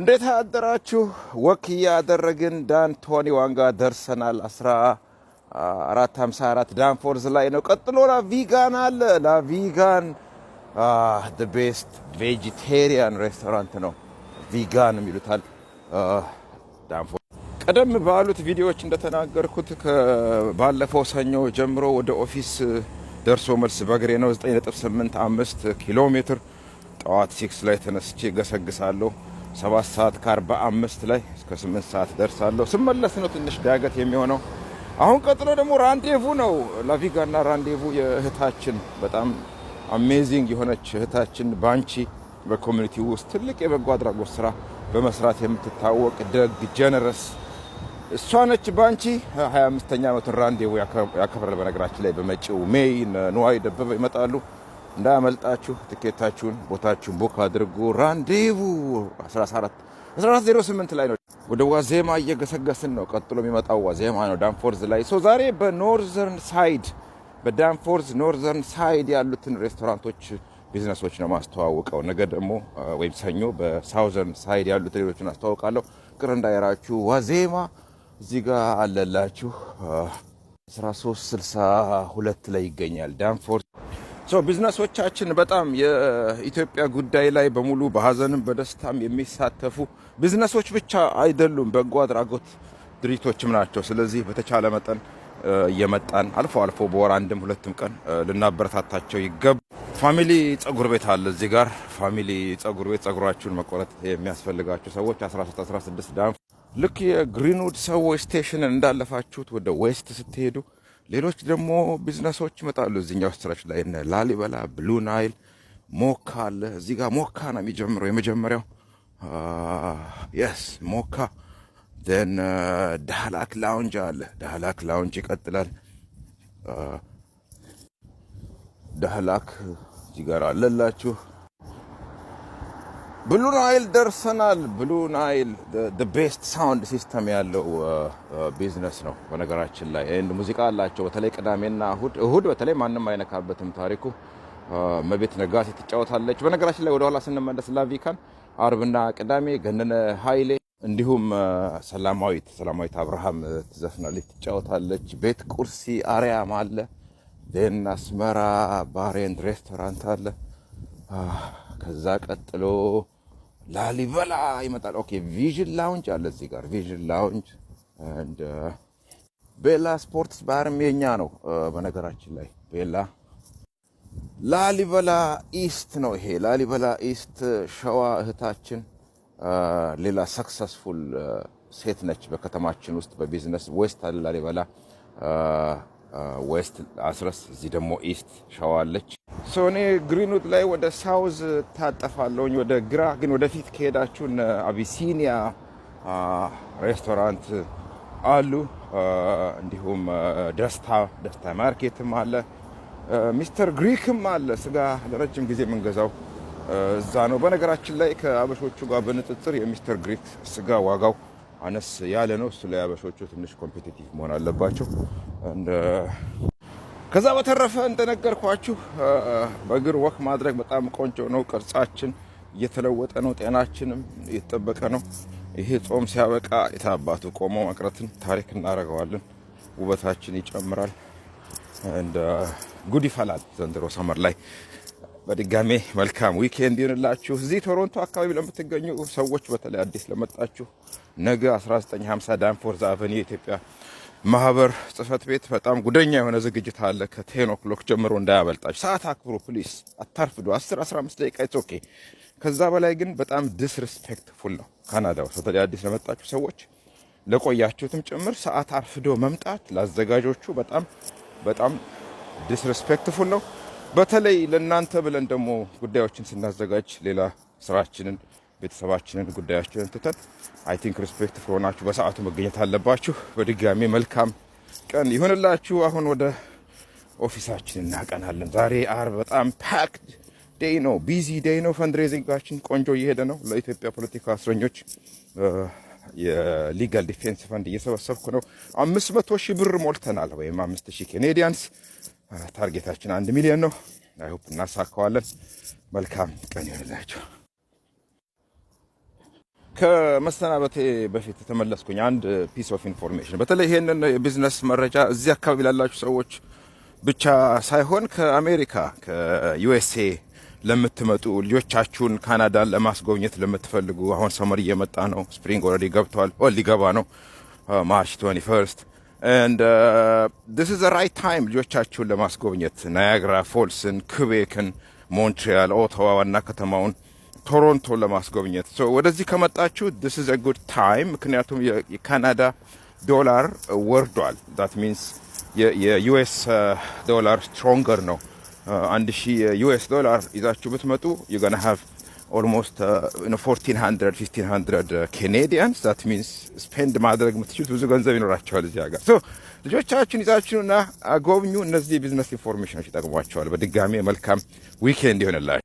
እንዴት አደራችሁ? ወክ እያደረግን ዳን ቶኒ ዋንጋ ደርሰናል። 1454 ዳንፎርዝ ላይ ነው። ቀጥሎ ላቪጋን አለ። ላቪጋን ቤስት ቬጂቴሪያን ሬስቶራንት ነው። ቪጋን የሚሉታል። ቀደም ባሉት ቪዲዮዎች እንደተናገርኩት ባለፈው ሰኞ ጀምሮ ወደ ኦፊስ ደርሶ መልስ በእግሬ ነው 9.85 ኪሎ ሜትር ጠዋት 6 ላይ ተነስቼ ገሰግሳለሁ። ሰባት ሰዓት ከአርባ አምስት ላይ እስከ ስምንት ሰዓት ደርሳለሁ። ስመለስ ነው ትንሽ ዳገት የሚሆነው። አሁን ቀጥሎ ደግሞ ራንዴቭ ነው። ላቪጋና ራንዴቭ የእህታችን በጣም አሜዚንግ የሆነች እህታችን ባንቺ በኮሚኒቲ ውስጥ ትልቅ የበጎ አድራጎት ስራ በመስራት የምትታወቅ ደግ ጀነረስ እሷ ነች። ባንቺ 25ኛ ዓመቱን ራንዴቭ ያከብራል። በነገራችን ላይ በመጪው ሜይ ንዋይ ደበበ ይመጣሉ። እንዳያመልጣችሁ። ትኬታችሁን ቦታችሁን ቡክ አድርጉ። ራንዴቡ 1408 ላይ ነው። ወደ ዋዜማ እየገሰገስን ነው። ቀጥሎ የሚመጣው ዋዜማ ነው፣ ዳንፎርዝ ላይ ሶ ዛሬ በኖርዘርን ሳይድ በዳንፎርዝ ኖርዘርን ሳይድ ያሉትን ሬስቶራንቶች፣ ቢዝነሶች ነው ማስተዋውቀው። ነገ ደግሞ ወይም ሰኞ በሳውዘርን ሳይድ ያሉትን ሌሎችን አስተዋውቃለሁ። ቅር እንዳይራችሁ ዋዜማ እዚህ ጋር አለላችሁ። 1362 ላይ ይገኛል ዳንፎር ቢዝነሶቻችን በጣም የኢትዮጵያ ጉዳይ ላይ በሙሉ በሀዘንም በደስታም የሚሳተፉ ቢዝነሶች ብቻ አይደሉም፣ በጎ አድራጎት ድርጅቶችም ናቸው። ስለዚህ በተቻለ መጠን እየመጣን አልፎ አልፎ በወር አንድም ሁለትም ቀን ልናበረታታቸው ይገባ። ፋሚሊ ጸጉር ቤት አለ እዚህ ጋር ፋሚሊ ጸጉር ቤት ጸጉራችሁን መቆረጥ የሚያስፈልጋቸው ሰዎች 1316 ዳንፍ ልክ የግሪንውድ ሰዎች ስቴሽንን እንዳለፋችሁት ወደ ዌስት ስትሄዱ ሌሎች ደግሞ ቢዝነሶች ይመጣሉ። እዚኛው ስትራች ላይ እነ ላሊበላ፣ ብሉ ናይል፣ ሞካ አለ። እዚህ ጋር ሞካ ነው የሚጀምረው የመጀመሪያው የስ ሞካ ን ዳህላክ ላውንጅ አለ። ዳህላክ ላውንጅ ይቀጥላል። ዳህላክ ጋር አለላችሁ ብሉ ናይል ደርሰናል። ብሉ ናይል ቤስት ሳውንድ ሲስተም ያለው ቢዝነስ uh, uh, ነው። በነገራችን ላይ ሙዚቃ አላቸው። በተለይ ቅዳሜና እሁድ እሁድ በተለይ ማንም አይነካበትም ታሪኩ uh, መቤት ነጋሴ ትጫወታለች። በነገራችን ላይ ወደኋላ ስንመለስ ላቪካን አርብና ቅዳሜ ገነነ ኃይሌ እንዲሁም ሰላማዊት ሰላማዊት አብርሃም ትዘፍናለች፣ ትጫወታለች። ቤት ቁርሲ አርያም አለ። ዴን አስመራ ባሬንድ ሬስቶራንት አለ። ከዛ ቀጥሎ ላሊበላ ይመጣል። ኦኬ ቪዥን ላውንጅ አለ እዚህ ጋር ቪዥን ላውንጅ እንደ uh, ቤላ ስፖርትስ ባርም የኛ ነው። uh, በነገራችን ላይ ቤላ ላሊበላ ኢስት ነው ይሄ ላሊበላ ኢስት። ሸዋ እህታችን uh, ሌላ ሰክሰስፉል ሴት ነች በከተማችን ውስጥ በቢዝነስ ዌስት አለ ላሊበላ ዌስት አስረስ፣ እዚህ ደግሞ ኢስት ሸዋ አለች። እኔ ግሪንውድ ላይ ወደ ሳውዝ ታጠፋለሁኝ ወደ ግራ ግን ወደፊት ከሄዳችሁ አቢሲኒያ ሬስቶራንት አሉ። እንዲሁም ደስታ ደስታ ማርኬትም አለ። ሚስተር ግሪክም አለ። ስጋ ለረጅም ጊዜ የምንገዛው እዛ ነው። በነገራችን ላይ ከአበሾቹ ጋር በንጽጽር የሚስተር ግሪክ ስጋ ዋጋው አነስ ያለ ነው። እሱ ላይ አበሾቹ ትንሽ ኮምፒቲቲቭ መሆን አለባቸው። ከዛ በተረፈ እንደነገርኳችሁ በእግር ወክ ማድረግ በጣም ቆንጆ ነው። ቅርጻችን እየተለወጠ ነው፣ ጤናችንም እየተጠበቀ ነው። ይሄ ጾም ሲያበቃ የታባቱ ቆሞ መቅረትን ታሪክ እናደርገዋለን። ውበታችን ይጨምራል። እንደ ጉድ ይፈላል ዘንድሮ ሰመር ላይ። በድጋሜ መልካም ዊኬንድ ይሁንላችሁ። እዚህ ቶሮንቶ አካባቢ ለምትገኙ ሰዎች በተለይ አዲስ ለመጣችሁ ነገ 1950 ዳንፎርዝ አቨኒ የኢትዮጵያ ማህበር ጽህፈት ቤት በጣም ጉደኛ የሆነ ዝግጅት አለ። ከቴን ኦክሎክ ጀምሮ እንዳያበልጣች ሰዓት አክብሩ ፕሊስ፣ አታርፍዱ። 10 15 ደቂቃ ኢትስ ኦኬ። ከዛ በላይ ግን በጣም ዲስሪስፔክትፉል ነው። ካናዳ ውስጥ በተለይ አዲስ ለመጣችሁ ሰዎች ለቆያችሁትም ጭምር ሰዓት አርፍዶ መምጣት ለአዘጋጆቹ በጣም በጣም ዲስሪስፔክትፉል ነው። በተለይ ለእናንተ ብለን ደግሞ ጉዳዮችን ስናዘጋጅ ሌላ ስራችንን ቤተሰባችንን ጉዳያችንን ትተን አይ ቲንክ ሪስፔክት ከሆናችሁ በሰዓቱ መገኘት አለባችሁ። በድጋሚ መልካም ቀን ይሁንላችሁ። አሁን ወደ ኦፊሳችን እናቀናለን። ዛሬ አርብ በጣም ፓክድ ዴይ ነው፣ ቢዚ ዴይ ነው። ፈንድሬዚንጋችን ቆንጆ እየሄደ ነው። ለኢትዮጵያ ፖለቲካ እስረኞች የሊጋል ዲፌንስ ፈንድ እየሰበሰብኩ ነው። አምስት መቶ ሺህ ብር ሞልተናል፣ ወይም አምስት ሺህ ኬኔዲያንስ። ታርጌታችን አንድ ሚሊዮን ነው። አይሆፕ እናሳካዋለን። መልካም ቀን ይሆንላቸው። ከመሰናበቴ በፊት የተመለስኩኝ አንድ ፒስ ኦፍ ኢንፎርሜሽን፣ በተለይ ይሄንን የቢዝነስ መረጃ እዚህ አካባቢ ላላችሁ ሰዎች ብቻ ሳይሆን ከአሜሪካ ከዩኤስኤ ለምትመጡ ልጆቻችሁን ካናዳን ለማስጎብኘት ለምትፈልጉ፣ አሁን ሰመር እየመጣ ነው። ስፕሪንግ ኦልሬዲ ገብቷል፣ ሊገባ ነው ማርች 21 and uh, this is the ልጆቻችሁን ለማስጎብኘት ናያግራ ፎልስን፣ ክቤክን፣ ሞንትሪያል፣ ኦታዋ ዋና ከተማውን ቶሮንቶ ለማስጎብኘት ወደዚህ ከመጣችሁ ዲስ ኢዝ አ ጉድ ታይም። ምክንያቱም የካናዳ ዶላር ወርዷል። ዳት ሚንስ የዩኤስ uh, ዶላር ስትሮንገር ነው። uh, አንድ ሺ የዩኤስ ዶላር ይዛችሁ ብትመጡ ዩጋና ሃቭ ኦልሞስት ፎርቲን ሀንድረድ ፊፍቲን ዛት ሚንስ ስፔንድ ማድረግ የምትችሉት ብዙ ገንዘብ ይኖራቸዋል እዚህ ሀገር። ሶ ልጆቻችሁን ይዛችሁና ጎብኙ። እነዚህ የቢዝነስ ኢንፎርሜሽኖች ይጠቅሟቸዋል። በድጋሚ መልካም ዊኬንድ ይሆንላችሁ።